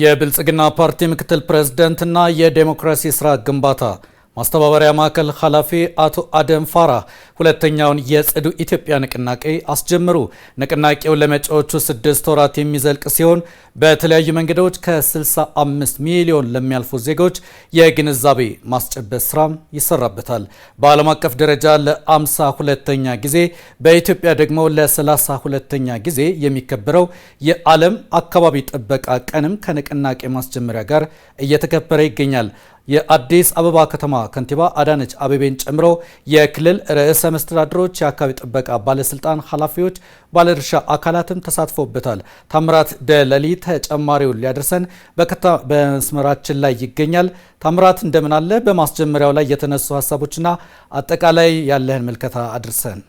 የብልጽግና ፓርቲ ምክትል ፕሬዝደንትና የዴሞክራሲ ስርዓት ግንባታ ማስተባበሪያ ማዕከል ኃላፊ አቶ አደም ፋራ ሁለተኛውን የጽዱ ኢትዮጵያ ንቅናቄ አስጀምሩ። ንቅናቄው ለመጪዎቹ ስድስት ወራት የሚዘልቅ ሲሆን በተለያዩ መንገዶች ከ65 ሚሊዮን ለሚያልፉ ዜጎች የግንዛቤ ማስጨበት ስራም ይሰራበታል። በዓለም አቀፍ ደረጃ ለ52ኛ ጊዜ በኢትዮጵያ ደግሞ ለ32ኛ ጊዜ የሚከበረው የዓለም አካባቢ ጥበቃ ቀንም ከንቅናቄ ማስጀመሪያ ጋር እየተከበረ ይገኛል። የአዲስ አበባ ከተማ ከንቲባ አዳነች አቤቤን ጨምሮ የክልል ርዕሰ መስተዳድሮች፣ የአካባቢ ጥበቃ ባለስልጣን ኃላፊዎች፣ ባለድርሻ አካላትም ተሳትፎበታል። ታምራት ደለሊ ተጨማሪውን ሊያደርሰን በመስመራችን ላይ ይገኛል። ታምራት እንደምን አለ? በማስጀመሪያው ላይ የተነሱ ሀሳቦችና አጠቃላይ ያለህን ምልከታ አድርሰን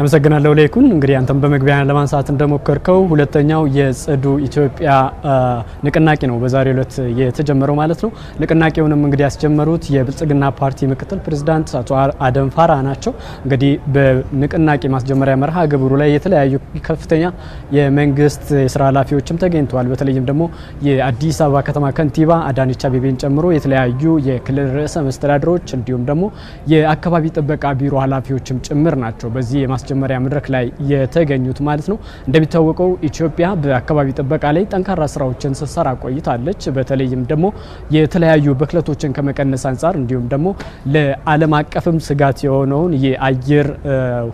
አመሰግናለሁ ላይኩን። እንግዲህ አንተም በመግቢያ ለማንሳት እንደሞከርከው ሁለተኛው የጽዱ ኢትዮጵያ ንቅናቄ ነው በዛሬው ዕለት የተጀመረው ማለት ነው። ንቅናቄውንም እንግዲህ ያስጀመሩት የብልጽግና ፓርቲ ምክትል ፕሬዚዳንት አቶ አደም ፋራ ናቸው። እንግዲህ በንቅናቄ ማስጀመሪያ መርሃ ግብሩ ላይ የተለያዩ ከፍተኛ የመንግስት የስራ ኃላፊዎችም ተገኝተዋል። በተለይም ደግሞ የአዲስ አበባ ከተማ ከንቲባ አዳነች አቤቤን ጨምሮ የተለያዩ የክልል ርዕሰ መስተዳድሮች እንዲሁም ደግሞ የአካባቢ ጥበቃ ቢሮ ኃላፊዎችም ጭምር ናቸው በዚህ ማስጀመሪያ መድረክ ላይ የተገኙት ማለት ነው። እንደሚታወቀው ኢትዮጵያ በአካባቢ ጥበቃ ላይ ጠንካራ ስራዎችን ስትሰራ ቆይታለች። በተለይም ደግሞ የተለያዩ ብክለቶችን ከመቀነስ አንጻር እንዲሁም ደግሞ ለዓለም አቀፍም ስጋት የሆነውን የአየር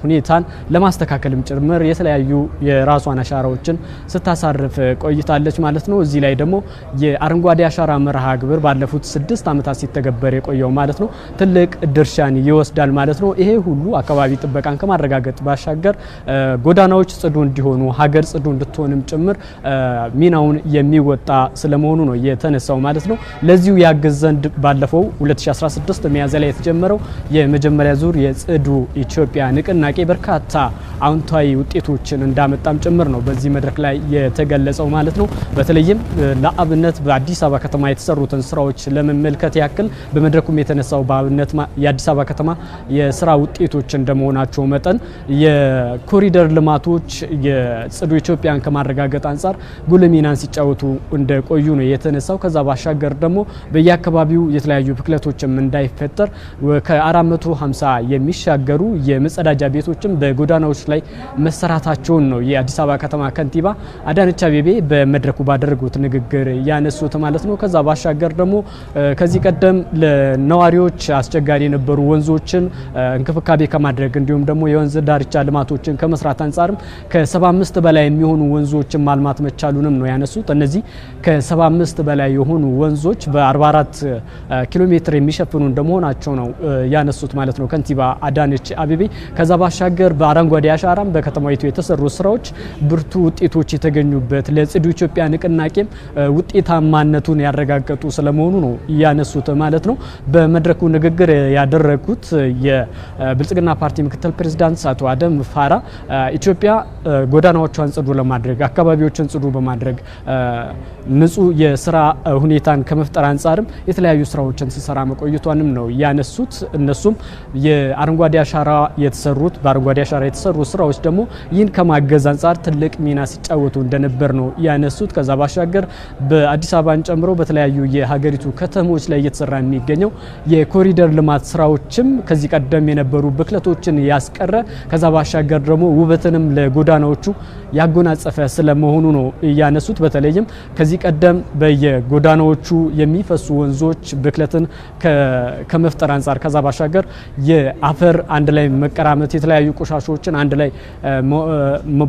ሁኔታን ለማስተካከልም ጭምር የተለያዩ የራሷን አሻራዎችን ስታሳርፍ ቆይታለች ማለት ነው። እዚህ ላይ ደግሞ የአረንጓዴ አሻራ መርሃ ግብር ባለፉት ስድስት ዓመታት ሲተገበር የቆየው ማለት ነው ትልቅ ድርሻን ይወስዳል ማለት ነው። ይሄ ሁሉ አካባቢ ጥበቃን ከማረጋገጥ ባሻገር ጎዳናዎች ጽዱ እንዲሆኑ ሀገር ጽዱ እንድትሆንም ጭምር ሚናውን የሚወጣ ስለመሆኑ ነው የተነሳው ማለት ነው። ለዚሁ ያግዝ ዘንድ ባለፈው 2016 ሚያዝያ ላይ የተጀመረው የመጀመሪያ ዙር የጽዱ ኢትዮጵያ ንቅናቄ በርካታ አዎንታዊ ውጤቶችን እንዳመጣም ጭምር ነው በዚህ መድረክ ላይ የተገለጸው ማለት ነው። በተለይም ለአብነት በአዲስ አበባ ከተማ የተሰሩትን ስራዎች ለመመልከት ያክል በመድረኩም የተነሳው በአብነት የአዲስ አበባ ከተማ የስራ ውጤቶች እንደመሆናቸው መጠን የኮሪደር ልማቶች የጽዱ ኢትዮጵያን ከማረጋገጥ አንጻር ጉልህ ሚናን ሲጫወቱ እንደቆዩ ነው የተነሳው። ከዛ ባሻገር ደግሞ በየአካባቢው የተለያዩ ብክለቶችም እንዳይፈጠር ከ450 የሚሻገሩ የመጸዳጃ ቤቶችም በጎዳናዎች ላይ መሰራታቸውን ነው የአዲስ አበባ ከተማ ከንቲባ አዳነች አቤቤ በመድረኩ ባደረጉት ንግግር ያነሱት ማለት ነው። ከዛ ባሻገር ደግሞ ከዚህ ቀደም ለነዋሪዎች አስቸጋሪ የነበሩ ወንዞችን እንክብካቤ ከማድረግ እንዲሁም ደግሞ የወንዝ ዳርቻ ልማቶችን ከመስራት አንጻርም ከ75 በላይ የሚሆኑ ወንዞችን ማልማት መቻሉንም ነው ያነሱት። እነዚህ ከ75 በላይ የሆኑ ወንዞች በ44 ኪሎ ሜትር የሚሸፍኑ እንደመሆናቸው ነው ያነሱት ማለት ነው ከንቲባ አዳነች አቤቤ። ከዛ ባሻገር በአረንጓዴ አሻራም በከተማይቱ የተሰሩ ስራዎች ብርቱ ውጤቶች የተገኙበት ለጽዱ ኢትዮጵያ ንቅናቄም ውጤታማነቱን ያረጋገጡ ስለመሆኑ ነው ያነሱት ማለት ነው። በመድረኩ ንግግር ያደረጉት የብልጽግና ፓርቲ ምክትል ፕሬዚዳንት አቶ ሸዋ ፋራ ኢትዮጵያ ጎዳናዎቿን ጽዱ ለማድረግ አካባቢዎችን ጽዱ በማድረግ ንጹህ የስራ ሁኔታን ከመፍጠር አንጻርም የተለያዩ ስራዎችን ስሰራ መቆየቷንም ነው ያነሱት። እነሱም የአረንጓዴ አሻራ የተሰሩት በአረንጓዴ አሻራ የተሰሩ ስራዎች ደግሞ ይህን ከማገዝ አንጻር ትልቅ ሚና ሲጫወቱ እንደነበር ነው ያነሱት። ከዛ ባሻገር በአዲስ አበባን ጨምሮ በተለያዩ የሀገሪቱ ከተሞች ላይ እየተሰራ የሚገኘው የኮሪደር ልማት ስራዎችም ከዚህ ቀደም የነበሩ ብክለቶችን ያስቀረ ከዛ ባሻገር ደግሞ ውበትንም ለጎዳናዎቹ ያጎናጸፈ ስለመሆኑ ነው ያነሱት። በተለይም ከዚህ ቀደም በየጎዳናዎቹ የሚፈሱ ወንዞች ብክለትን ከመፍጠር አንጻር ከዛ ባሻገር የአፈር አንድ ላይ መቀራመት የተለያዩ ቆሻሾችን አንድ ላይ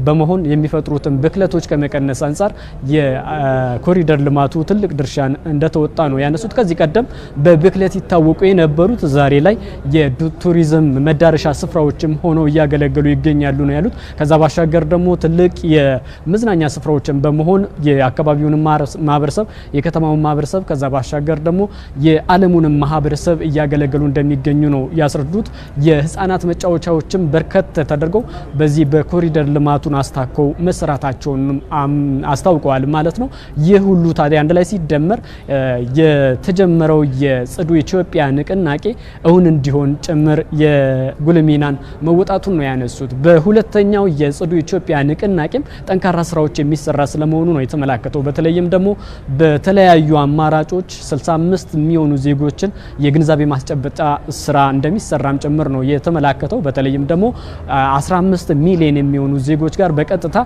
በመሆን የሚፈጥሩትን ብክለቶች ከመቀነስ አንጻር የኮሪደር ልማቱ ትልቅ ድርሻን እንደተወጣ ነው ያነሱት። ከዚህ ቀደም በብክለት ይታወቁ የነበሩት ዛሬ ላይ የቱሪዝም መዳረሻ ስፍራዎችም ሆነው እያገ እያገለገሉ ይገኛሉ ነው ያሉት። ከዛ ባሻገር ደግሞ ትልቅ የመዝናኛ ስፍራዎችን በመሆን የአካባቢውን ማህበረሰብ፣ የከተማውን ማህበረሰብ ከዛ ባሻገር ደግሞ የዓለሙንም ማህበረሰብ እያገለገሉ እንደሚገኙ ነው ያስረዱት። የህፃናት መጫወቻዎችም በርከት ተደርገው በዚህ በኮሪደር ልማቱን አስታከው መሰራታቸውን አስታውቀዋል ማለት ነው። ይህ ሁሉ ታዲያ አንድ ላይ ሲደመር የተጀመረው የጽዱ ኢትዮጵያ ንቅናቄ እውን እንዲሆን ጭምር የጉልሚናን ሚናን መወጣቱን ነው ያነሱት። በሁለተኛው የጽዱ ኢትዮጵያ ንቅናቄም ጠንካራ ስራዎች የሚሰራ ስለመሆኑ ነው የተመላከተው። በተለይም ደግሞ በተለያዩ አማራጮች 65 የሚሆኑ ዜጎችን የግንዛቤ ማስጨበጫ ስራ እንደሚሰራም ጭምር ነው የተመላከተው። በተለይም ደግሞ 15 ሚሊዮን የሚሆኑ ዜጎች ጋር በቀጥታ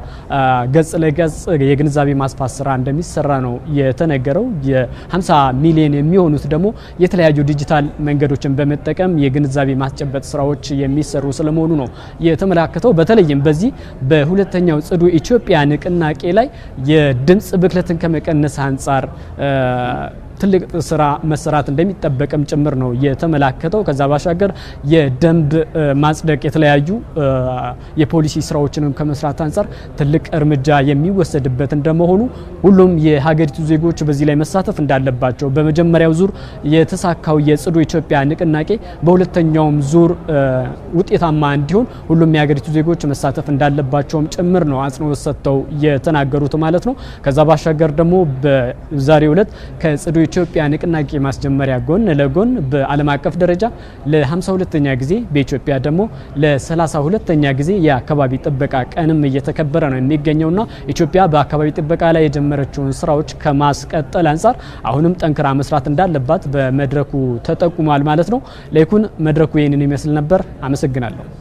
ገጽ ለገጽ የግንዛቤ ማስፋት ስራ እንደሚሰራ ነው የተነገረው። የ50 ሚሊዮን የሚሆኑት ደግሞ የተለያዩ ዲጂታል መንገዶችን በመጠቀም የግንዛቤ ማስጨበጥ ስራዎች የሚሰሩ ስለመሆኑ ነው የተመላከተው። በተለይም በዚህ በሁለተኛው ጽዱ ኢትዮጵያ ንቅናቄ ላይ የድምፅ ብክለትን ከመቀነስ አንጻር ትልቅ ስራ መሰራት እንደሚጠበቅም ጭምር ነው የተመላከተው። ከዛ ባሻገር የደንብ ማጽደቅ የተለያዩ የፖሊሲ ስራዎችንም ከመስራት አንጻር ትልቅ እርምጃ የሚወሰድበት እንደመሆኑ ሁሉም የሀገሪቱ ዜጎች በዚህ ላይ መሳተፍ እንዳለባቸው በመጀመሪያው ዙር የተሳካው የጽዱ ኢትዮጵያ ንቅናቄ በሁለተኛውም ዙር ውጤታማ እንዲሆን ሁሉም የሀገሪቱ ዜጎች መሳተፍ እንዳለባቸውም ጭምር ነው አጽንኦት ሰጥተው የተናገሩት ማለት ነው። ከዛ ባሻገር ደግሞ በዛሬው ዕለት ከጽዱ የኢትዮጵያ ንቅናቄ ማስጀመሪያ ጎን ለጎን በዓለም አቀፍ ደረጃ ለ52ኛ ጊዜ በኢትዮጵያ ደግሞ ለ32ኛ ጊዜ የአካባቢ ጥበቃ ቀንም እየተከበረ ነው የሚገኘውና ኢትዮጵያ በአካባቢ ጥበቃ ላይ የጀመረችውን ስራዎች ከማስቀጠል አንጻር አሁንም ጠንክራ መስራት እንዳለባት በመድረኩ ተጠቁሟል ማለት ነው። ለይኩን መድረኩ ይህንን ይመስል ነበር። አመሰግናለሁ።